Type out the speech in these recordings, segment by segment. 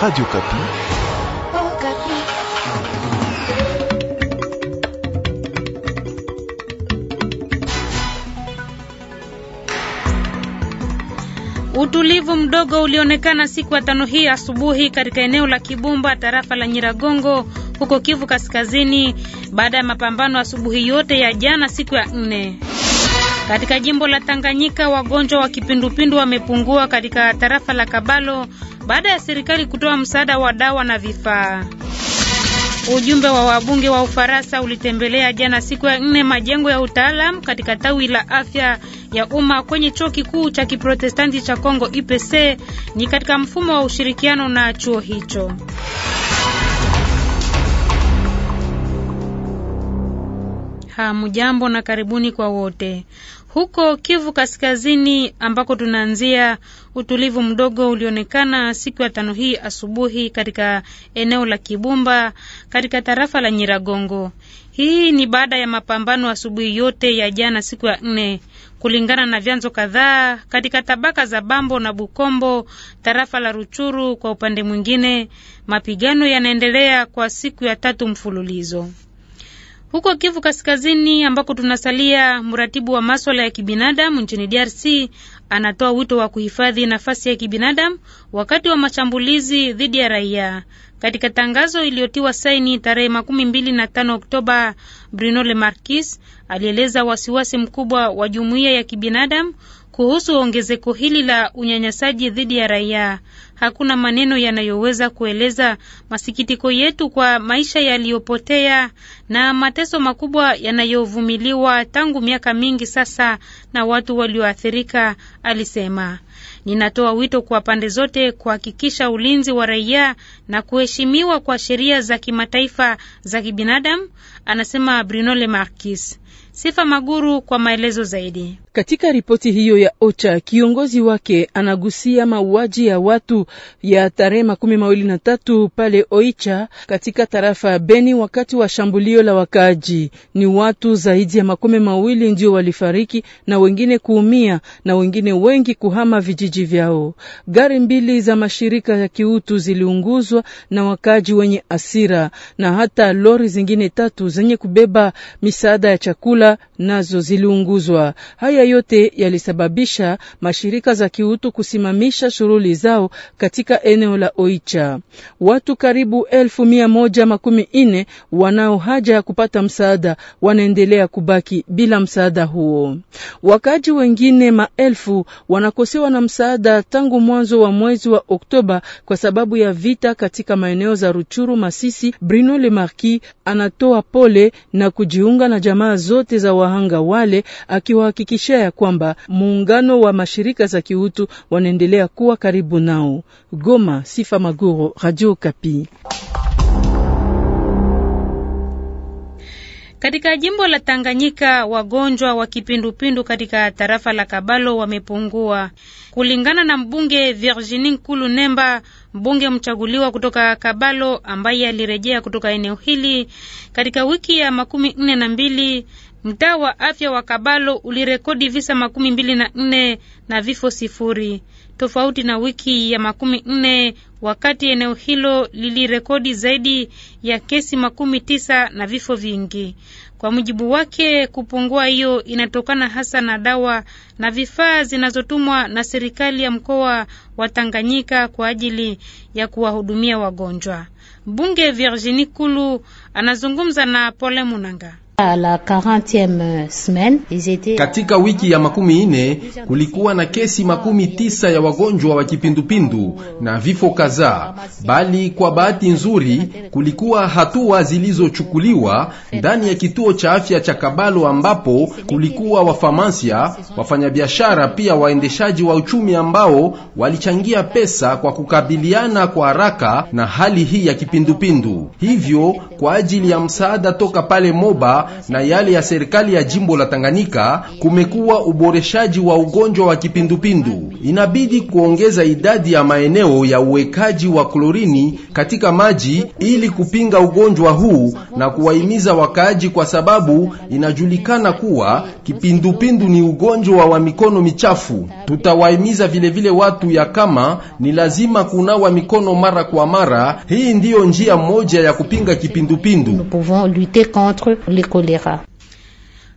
Radio Kapi. Oh, Kapi. Utulivu mdogo ulionekana siku ya tano hii asubuhi katika eneo la Kibumba tarafa la Nyiragongo huko Kivu Kaskazini baada ya mapambano asubuhi yote ya jana siku ya nne. Katika jimbo la Tanganyika wagonjwa wa kipindupindu wamepungua katika tarafa la Kabalo baada ya serikali kutoa msaada wa dawa na vifaa. Ujumbe wa wabunge wa Ufaransa ulitembelea jana siku ya nne majengo ya utaalam katika tawi la afya ya umma kwenye chuo kikuu cha Kiprotestanti cha Kongo IPC ni katika mfumo wa ushirikiano na chuo hicho. Hamjambo na karibuni kwa wote. Huko Kivu Kaskazini ambako tunaanzia, utulivu mdogo ulionekana siku ya tano hii asubuhi katika eneo la Kibumba katika tarafa la Nyiragongo. Hii ni baada ya mapambano asubuhi yote ya jana siku ya nne, kulingana na vyanzo kadhaa katika tabaka za Bambo na Bukombo, tarafa la Ruchuru. Kwa upande mwingine, mapigano yanaendelea kwa siku ya tatu mfululizo. Huko Kivu Kaskazini ambako tunasalia, mratibu wa maswala ya kibinadamu nchini DRC anatoa wito wa kuhifadhi nafasi ya kibinadamu wakati wa mashambulizi dhidi ya raia. Katika tangazo iliyotiwa saini tarehe makumi mbili na tano Oktoba, Bruno Marquis alieleza wasiwasi mkubwa wa jumuiya ya kibinadamu kuhusu ongezeko hili la unyanyasaji dhidi ya raia. Hakuna maneno yanayoweza kueleza masikitiko yetu kwa maisha yaliyopotea na mateso makubwa yanayovumiliwa tangu miaka mingi sasa na watu walioathirika, alisema. Ninatoa wito kwa pande zote kuhakikisha ulinzi wa raia na kuheshimiwa kwa sheria za kimataifa za kibinadamu, anasema Bruno Lemarquis. Sifa Maguru kwa maelezo zaidi. Katika ripoti hiyo ya OCHA kiongozi wake anagusia mauaji ya watu ya tarehe makumi mawili na tatu pale Oicha katika tarafa ya Beni wakati wa shambulio la wakaaji. Ni watu zaidi ya makumi mawili ndio walifariki na wengine kuumia na wengine wengi kuhama vijiji vyao. Gari mbili za mashirika ya kiutu ziliunguzwa na wakaaji wenye asira na hata lori zingine tatu zenye kubeba misaada ya chakula le... nazo ziliunguzwa. Haya yote yalisababisha mashirika za kiutu kusimamisha shughuli zao katika eneo la Oicha. Watu karibu elfu mia moja makumi nne wanao haja ya kupata msaada wanaendelea kubaki bila msaada huo. Wakaji wengine maelfu wanakosewa na msaada tangu mwanzo wa mwezi wa Oktoba kwa sababu ya vita katika maeneo za Ruchuru, Masisi. Bruno Le Marquis anatoa pole na kujiunga na jamaa zote za wa wahanga wale, akiwahakikishia ya kwamba muungano wa mashirika za kiutu wanaendelea kuwa karibu nao. Goma, Sifa Maguro, Radio Kapi. Katika jimbo la Tanganyika wagonjwa wa kipindupindu katika tarafa la Kabalo wamepungua, kulingana na mbunge Virginie Nkulu Nemba, mbunge mchaguliwa kutoka Kabalo ambaye alirejea kutoka eneo hili katika wiki ya makumi nne na mbili. Mtaa wa afya wa Kabalo ulirekodi visa makumi mbili na nne na vifo sifuri, tofauti na wiki ya makumi nne wakati eneo hilo lilirekodi zaidi ya kesi makumi tisa na vifo vingi. Kwa mujibu wake, kupungua hiyo inatokana hasa na dawa na vifaa zinazotumwa na serikali ya mkoa wa Tanganyika kwa ajili ya kuwahudumia wagonjwa. Bunge Virginie Kulu anazungumza na Pole Munanga. Katika wiki ya makumi ine kulikuwa na kesi makumi tisa ya wagonjwa wa kipindupindu na vifo kadhaa, bali kwa bahati nzuri kulikuwa hatua zilizochukuliwa ndani ya kituo cha afya cha Kabalo, ambapo kulikuwa wafamasia wafanyabiashara, pia waendeshaji wa uchumi ambao walichangia pesa kwa kukabiliana kwa haraka na hali hii ya kipindupindu. Hivyo kwa ajili ya msaada toka pale Moba na yale ya serikali ya jimbo la Tanganyika, kumekuwa uboreshaji wa ugonjwa wa kipindupindu. Inabidi kuongeza idadi ya maeneo ya uwekaji wa klorini katika maji ili kupinga ugonjwa huu na kuwahimiza wakaaji, kwa sababu inajulikana kuwa kipindupindu ni ugonjwa wa mikono michafu. Tutawahimiza vilevile watu ya kama ni lazima kunawa mikono mara kwa mara. Hii ndiyo njia moja ya kupinga kipindupindu kolera.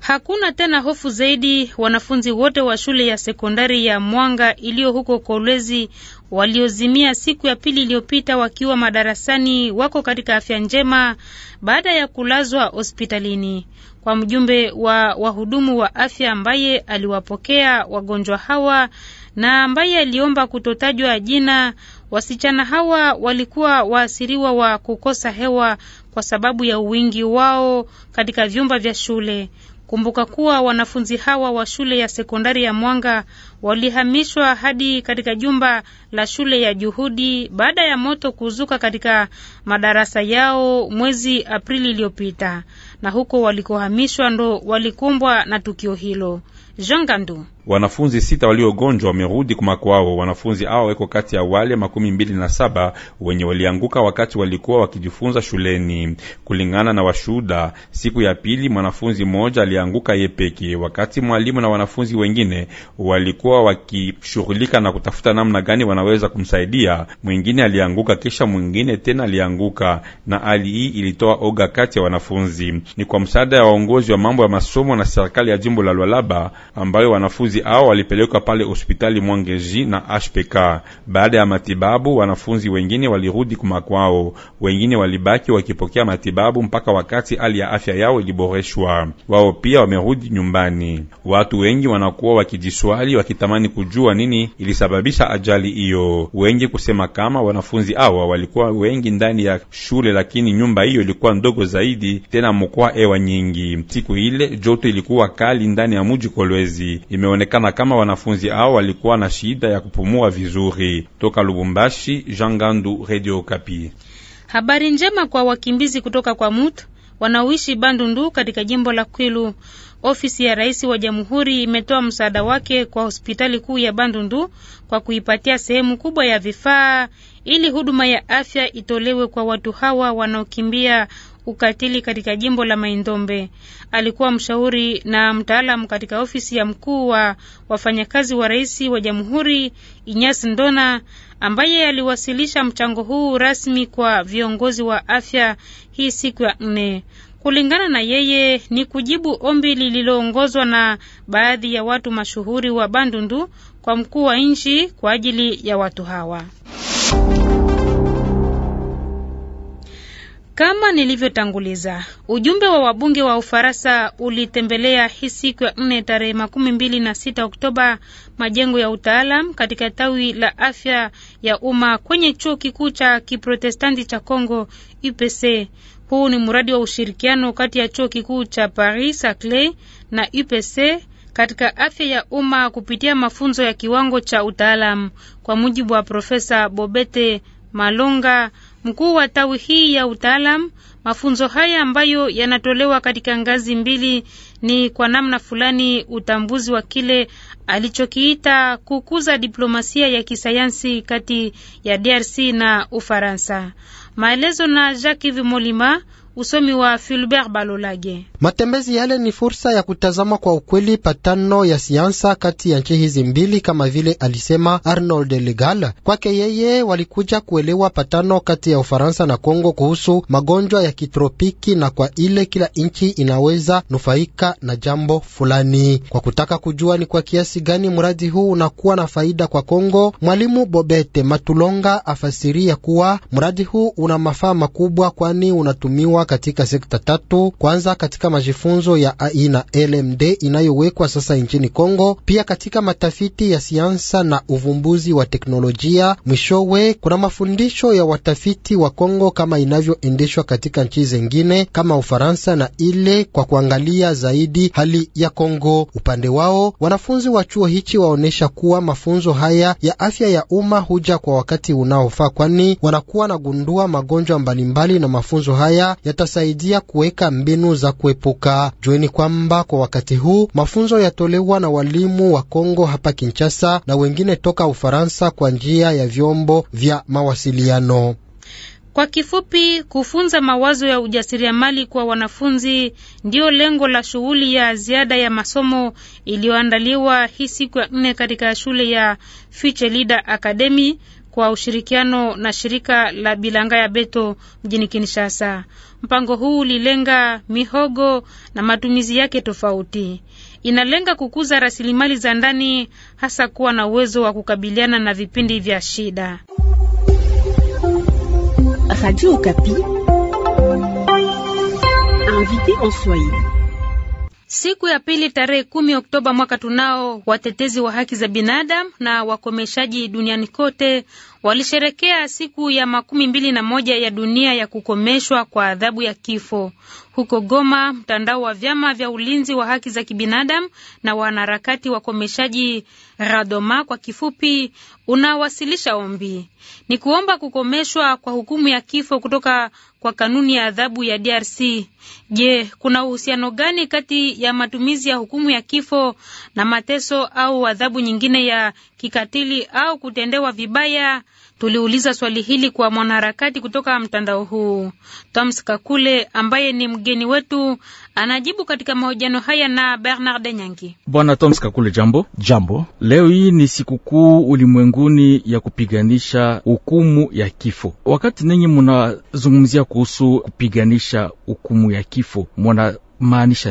Hakuna tena hofu zaidi. Wanafunzi wote wa shule ya sekondari ya Mwanga iliyo huko Kolwezi waliozimia siku ya pili iliyopita wakiwa madarasani wako katika afya njema baada ya kulazwa hospitalini. Kwa mjumbe wa wahudumu wa afya ambaye aliwapokea wagonjwa hawa na ambaye aliomba kutotajwa jina, Wasichana hawa walikuwa waasiriwa wa kukosa hewa kwa sababu ya uwingi wao katika vyumba vya shule. Kumbuka kuwa wanafunzi hawa wa shule ya sekondari ya Mwanga walihamishwa hadi katika jumba la shule ya Juhudi baada ya moto kuzuka katika madarasa yao mwezi Aprili iliyopita, na huko walikohamishwa ndo walikumbwa na tukio hilo. Jean Gandu. Wanafunzi sita waliogonjwa wamerudi kumakwao. Wanafunzi hao weko kati ya wale makumi mbili na saba wenye walianguka wakati walikuwa wakijifunza shuleni. Kulingana na washuhuda, siku ya pili mwanafunzi mmoja alianguka yepeke, wakati mwalimu na wanafunzi wengine walikuwa wakishughulika na kutafuta namna gani wanaweza kumsaidia. Mwingine alianguka, kisha mwingine tena alianguka, na hali hii ilitoa oga kati ya wanafunzi. Ni kwa msaada ya waongozi wa mambo ya masomo na serikali ya jimbo la Lualaba ambayo wanafunzi hao walipelekwa pale hospitali Mwangezi na HPK. Baada ya matibabu, wanafunzi wengine walirudi kumakwao, wengine walibaki wakipokea matibabu mpaka wakati hali ya afya yao iliboreshwa. Wao pia wamerudi nyumbani. Watu wengi wanakuwa wakijiswali wakitamani kujua nini ilisababisha ajali hiyo, wengi kusema kama wanafunzi hawa walikuwa wengi ndani ya shule, lakini nyumba hiyo ilikuwa ndogo zaidi, tena mkoa ewa nyingi. Siku ile joto ilikuwa kali ndani ya mji Kolwezi mwezi. Imeonekana kama wanafunzi hao walikuwa na shida ya kupumua vizuri. Toka Lubumbashi, Jangandu, Radio Kapi. Habari njema kwa wakimbizi kutoka kwa Mut wanaoishi Bandundu katika jimbo la Kwilu. Ofisi ya rais wa jamhuri imetoa msaada wake kwa hospitali kuu ya Bandundu kwa kuipatia sehemu kubwa ya vifaa ili huduma ya afya itolewe kwa watu hawa wanaokimbia ukatili katika jimbo la Maindombe. Alikuwa mshauri na mtaalamu katika ofisi ya mkuu wa wafanyakazi wa rais wa jamhuri Inyas Ndona, ambaye aliwasilisha mchango huu rasmi kwa viongozi wa afya hii siku ya nne. Kulingana na yeye ni kujibu ombi lililoongozwa na baadhi ya watu mashuhuri wa Bandundu kwa mkuu wa nchi kwa ajili ya watu hawa. Kama nilivyotanguliza, ujumbe wa wabunge wa Ufaransa ulitembelea hii siku ya nne tarehe makumi mbili na sita Oktoba majengo ya utaalam katika tawi la afya ya umma kwenye chuo kikuu cha Kiprotestanti cha Congo UPC. Huu ni mradi wa ushirikiano kati ya chuo kikuu cha Paris Saclay na UPC katika afya ya umma kupitia mafunzo ya kiwango cha utaalam, kwa mujibu wa Profesa Bobete Malonga mkuu wa tawi hii ya utaalam. Mafunzo haya ambayo yanatolewa katika ngazi mbili ni kwa namna fulani utambuzi wa kile alichokiita kukuza diplomasia ya kisayansi kati ya DRC na Ufaransa. Maelezo na Jacques Vimolima Usomi wa Fulbert Balolage. Matembezi yale ni fursa ya kutazama kwa ukweli patano ya siansa kati ya nchi hizi mbili, kama vile alisema Arnold Legal. Kwake yeye, walikuja kuelewa patano kati ya Ufaransa na Kongo kuhusu magonjwa ya kitropiki, na kwa ile kila nchi inaweza nufaika na jambo fulani, kwa kutaka kujua ni kwa kiasi gani mradi huu unakuwa na faida kwa Kongo. Mwalimu Bobete Matulonga afasiria kuwa mradi huu una mafaa makubwa, kwani unatumiwa katika sekta tatu. Kwanza, katika majifunzo ya na LMD inayowekwa sasa nchini Kongo, pia katika matafiti ya siansa na uvumbuzi wa teknolojia. Mwishowe, kuna mafundisho ya watafiti wa Kongo kama inavyoendeshwa katika nchi zengine kama Ufaransa na ile kwa kuangalia zaidi hali ya Kongo. Upande wao, wanafunzi wa chuo hichi waonesha kuwa mafunzo haya ya afya ya umma huja kwa wakati unaofaa, kwani wanakuwa na gundua magonjwa mbalimbali na mafunzo haya ya yatasaidia kuweka mbinu za kuepuka. Jueni kwamba kwa wakati huu mafunzo yatolewa na walimu wa Kongo hapa Kinshasa na wengine toka Ufaransa kwa njia ya vyombo vya mawasiliano. Kwa kifupi, kufunza mawazo ya ujasiriamali kwa wanafunzi ndiyo lengo la shughuli ya ziada ya masomo iliyoandaliwa hii siku ya nne katika shule ya Future Leader Academy kwa ushirikiano na shirika la Bilanga ya Beto mjini Kinshasa. Mpango huu ulilenga mihogo na matumizi yake tofauti. Inalenga kukuza rasilimali za ndani, hasa kuwa na uwezo wa kukabiliana na vipindi vya shida. Radio Okapi. Siku ya pili tarehe kumi Oktoba mwaka tunao, watetezi wa haki za binadamu na wakomeshaji duniani kote walisherekea siku ya makumi mbili na moja ya dunia ya kukomeshwa kwa adhabu ya kifo. Huko Goma, mtandao wa vyama vya ulinzi wa haki za kibinadamu na wanaharakati wakomeshaji Radoma kwa kifupi, unawasilisha ombi ni kuomba kukomeshwa kwa hukumu ya kifo kutoka kwa kanuni ya adhabu ya DRC. Je, kuna uhusiano gani kati ya matumizi ya hukumu ya kifo na mateso au adhabu nyingine ya kikatili au kutendewa vibaya? Tuliuliza swali hili kwa mwanaharakati kutoka mtandao huu Toms Kakule, ambaye ni mgeni wetu, anajibu katika mahojiano haya na Bernard Nyangi. Bwana Toms Kakule, jambo. Jambo. Leo hii ni sikukuu ulimwenguni ya kupiganisha hukumu ya kifo. Wakati ninyi munazungumzia kuhusu kupiganisha hukumu ya kifo, mwana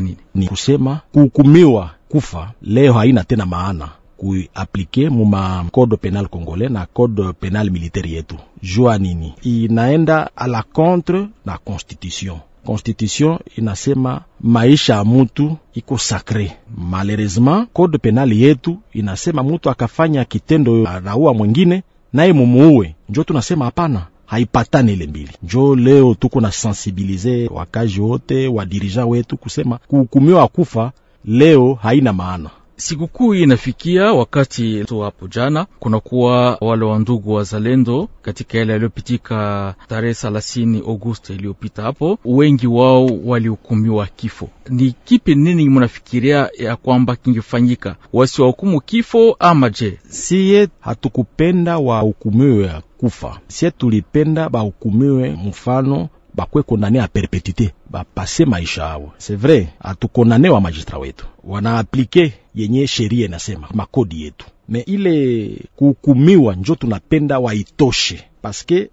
nini? Ni kusema kuhukumiwa kufa leo haina tena maana kuaplike ma code penal congolais na code penal militaire yetu. Jua nini inaenda a la contre na constitution Constitution inasema maisha ya mutu iko sakre. Malheureusement, code penal yetu inasema mutu akafanya kitendo anaua mwingine naye mumuue, njo tunasema hapana, haipatani ile mbili. Njo leo tuko na sensibilize wakaji wote, dirija wetu kusema kuhukumiwa kufa leo haina maana. Sikukuu inafikia wakati tu. Hapo jana kunakuwa wale wa ndugu wa zalendo katika yale yaliyopitika tarehe thelathini Agosti iliyopita. Hapo wengi wao walihukumiwa kifo. Ni kipi nini mnafikiria ya kwamba kingefanyika, wasiwahukumu kifo ama je? Siye hatukupenda wahukumiwe kufa, sie tulipenda bahukumiwe mfano bakwe kondane a perpetite bapase maisha awo. cest vrai hatukondane wa magistrat wetu, wanaaplike yenye sheria inasema makodi yetu, me ile kuhukumiwa njo tunapenda waitoshe paske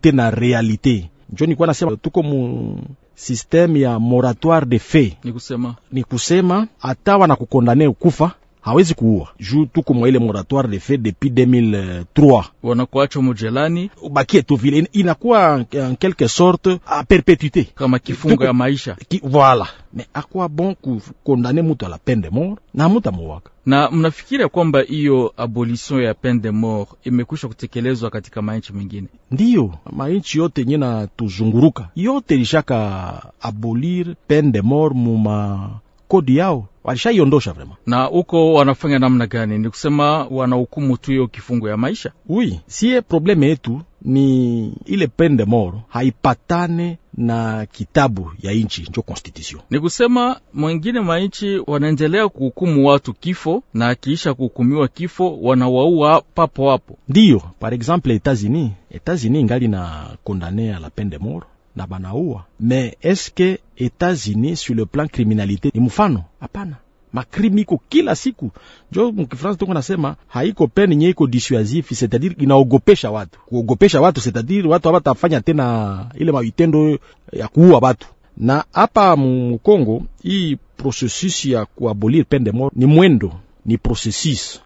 te na realite. Njo nikuwa nasema tuko mu systeme ya moratoire de fait, ni kusema ni kusema hata wanakukondane ukufa hawezi kuua juu tuko mwa ile moratoire de fait depuis 2003, wanakuacha mujelani ubakie tu vile, inakuwa en quelque sorte a perpetuite kama kifungo ya maisha ki, voilà mais akwa bon kukondane mutu ala peine de mort na mutu amuwaka na ya kwamba hiyo abolition ya peine de mort imekwisha kutekelezwa katika mainchi mengine? Ndiyo, mainchi yote nyina tuzunguruka yote lishaka abolir peine de mort muma kodi yao walishaiondosha vrema. Na huko wanafanya namna gani? Ni kusema wanahukumu tu hiyo kifungo ya maisha. Ui, siye probleme yetu ni ile pende moro haipatane na kitabu ya nchi njo constitution. Ni kusema mwengine manchi wanaendelea kuhukumu watu kifo, na akiisha kuhukumiwa kifo wanawaua papo hapo. Ndiyo, par exemple Etats-Unis, Etats-Unis ngali na kondanea la pende moro na banauwa. Me eske Etats-Unis sur le plan criminalité ni mfano? Hapana, makrimi iko kila siku. njo mkifransa tuko nasema haiko peni nye iko dissuasif, setadiri inaogopesha watu, kuogopesha watu, setadiri watu habatafanya tena ile mawitendo ya kuua watu na hapa Mukongo hii processus ya kuabolir pende mort ni mwendo, ni processus,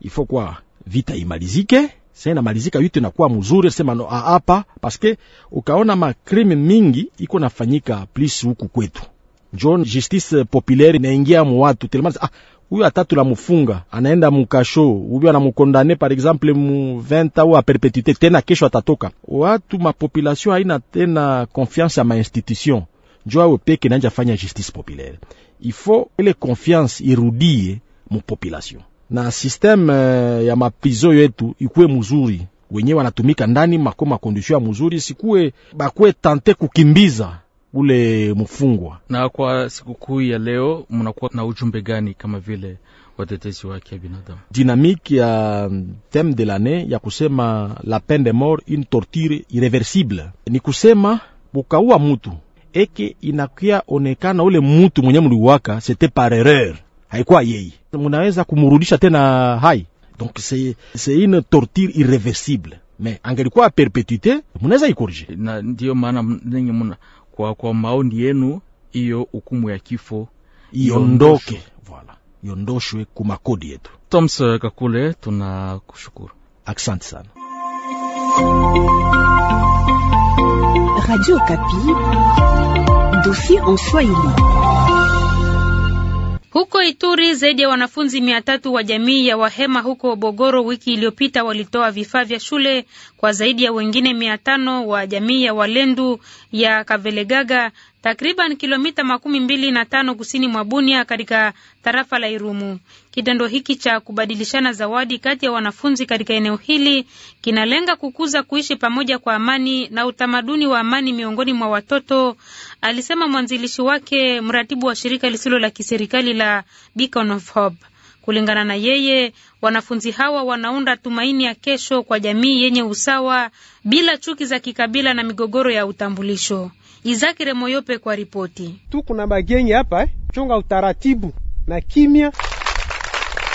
ifo kwa vita imalizike, sasa inamalizika yote inakuwa mzuri, sema no, hapa paske ukaona makrime mingi iko nafanyika plisi huku kwetu, njo justice populaire inaingia mu watu telema, ah huyo atatu la mufunga anaenda mukasho, huyo anamukondane par exemple mu 20 au a perpetuite, tena kesho atatoka. Watu ma population haina tena confiance ya ma institution, njo awe peke nanja fanya justice populaire, ifo ile confiance irudie mu population na sisteme eh, ya maprizo yetu ikuwe mzuri, wenye wanatumika ndani mako makondisio ya mzuri, sikuwe bakuwe tante kukimbiza ule mfungwa. Na kwa sikukuu ya leo mnakuwa na ujumbe gani kama vile watetezi wake ya binadamu? Dynamique ya mm, theme de l'année ya kusema la peine de mort une torture irreversible, ni kusema bukaua mutu eke inakia onekana ule mutu mwenye mliwaka c'était par erreur haikuwa yeye, munaweza kumurudisha tena hai. Donc c'est c'est une torture irreversible mais angelikuwa perpetuite, munaweza ikorije, na ndiyo maana ninyi muna kwa, kwa maoni yenu hiyo hukumu ya kifo iondoke, voilà iondoshwe kumakodi yetu. Toms Kakule, tunakushukuru, asante sana. Radio Kapi, dossier en Swahili. Huko Ituri zaidi ya wanafunzi mia tatu wa jamii ya Wahema huko Bogoro wiki iliyopita walitoa vifaa vya shule kwa zaidi ya wengine mia tano wa jamii ya Walendu ya Kavelegaga takriban kilomita makumi mbili na tano kusini mwa Bunia katika tarafa la Irumu. Kitendo hiki cha kubadilishana zawadi kati ya wanafunzi katika eneo hili kinalenga kukuza kuishi pamoja kwa amani na utamaduni wa amani miongoni mwa watoto, alisema mwanzilishi wake, mratibu wa shirika lisilo la kiserikali la Beacon of Hope. Kulingana na yeye, wanafunzi hawa wanaunda tumaini ya kesho kwa jamii yenye usawa bila chuki za kikabila na migogoro ya utambulisho. Izaki Remoyope kwa ripoti tu. Kuna bagenyi hapa chunga utaratibu na kimya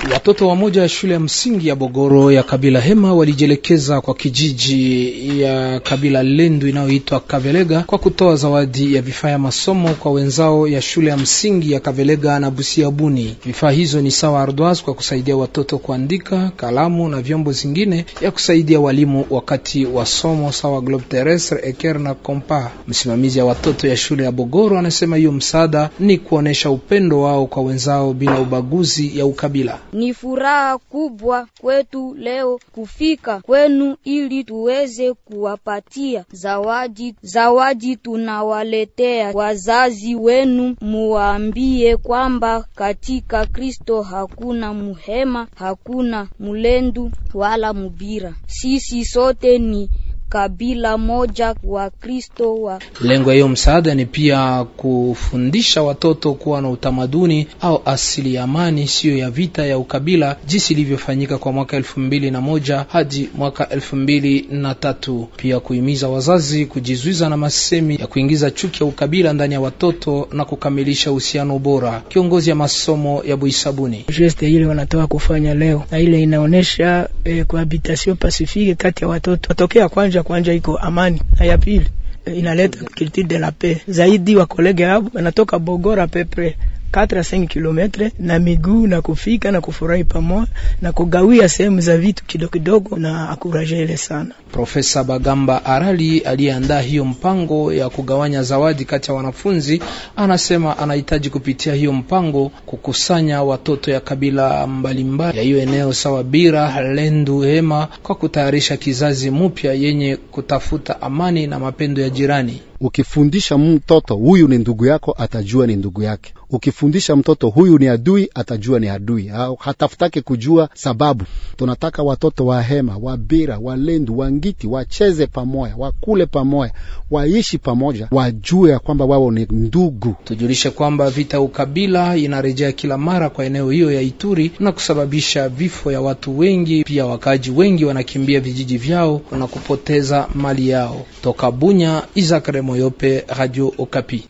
Watoto wa moja ya shule ya msingi ya Bogoro ya kabila Hema walijielekeza kwa kijiji ya kabila Lendu inayoitwa Kavelega kwa kutoa zawadi ya vifaa ya masomo kwa wenzao ya shule ya msingi ya Kavelega na busia buni Vifaa hizo ni sawa ardwas kwa kusaidia watoto kuandika, kalamu na vyombo zingine ya kusaidia walimu wakati wa somo, sawa globe terrestre, eker na kompa. Msimamizi ya watoto ya shule ya Bogoro anasema hiyo msaada ni kuonesha upendo wao kwa wenzao bila ubaguzi ya ukabila. Ni furaha kubwa kwetu leo kufika kwenu ili tuweze kuwapatia zawadi. Zawadi tunawaletea wazazi wenu, muwaambie kwamba katika Kristo hakuna muhema, hakuna mulendu wala mubira. Sisi sote ni kabila moja Kristo wa. Lengo hiyo msaada ni pia kufundisha watoto kuwa na utamaduni au asili ya amani, siyo ya vita ya ukabila, jinsi ilivyofanyika kwa mwaka elfu mbili na moja hadi mwaka elfu mbili na tatu. Pia kuhimiza wazazi kujizuiza na masemi ya kuingiza chuki ya ukabila ndani ya watoto na kukamilisha uhusiano bora. Kiongozi ya masomo ya Buisabuni, geste ile wanatoka kufanya leo na ile inaonyesha eh, cohabitation pacifique kati ya watoto watokea kwanja ya kwanja iko amani na ya pili eh, inaleta culture de la paix zaidi. Wa kolege hao wanatoka Bogora pepre 4-5 kilometre na miguu na kufika na kufurahi pamoja na kugawia sehemu za vitu kidogo kidogo na akurajele sana. Profesa Bagamba Arali aliyeandaa hiyo mpango ya kugawanya zawadi kati ya wanafunzi anasema anahitaji kupitia hiyo mpango kukusanya watoto ya kabila mbalimbali ya hiyo eneo sawa Bira, Lendu, Hema kwa kutayarisha kizazi mpya yenye kutafuta amani na mapendo ya jirani. Ukifundisha mtoto huyu ni ndugu yako, atajua ni ndugu yake ukifundisha mtoto huyu ni adui, atajua ni adui hatafutake kujua sababu. Tunataka watoto wa Hema, Wabira, Walendu, Wangiti wacheze pamoja, wakule pamoja, waishi pamoja, wajue ya kwamba wao ni ndugu. Tujulishe kwamba vita ya ukabila inarejea kila mara kwa eneo hiyo ya Ituri na kusababisha vifo ya watu wengi, pia wakaaji wengi wanakimbia vijiji vyao na kupoteza mali yao. Toka Bunya, Isaac Remoyope, Radio Okapi.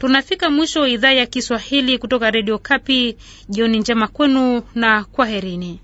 Tunafika mwisho wa idhaa ya Kiswahili kutoka Redio Kapi. Jioni njema kwenu na kwaherini.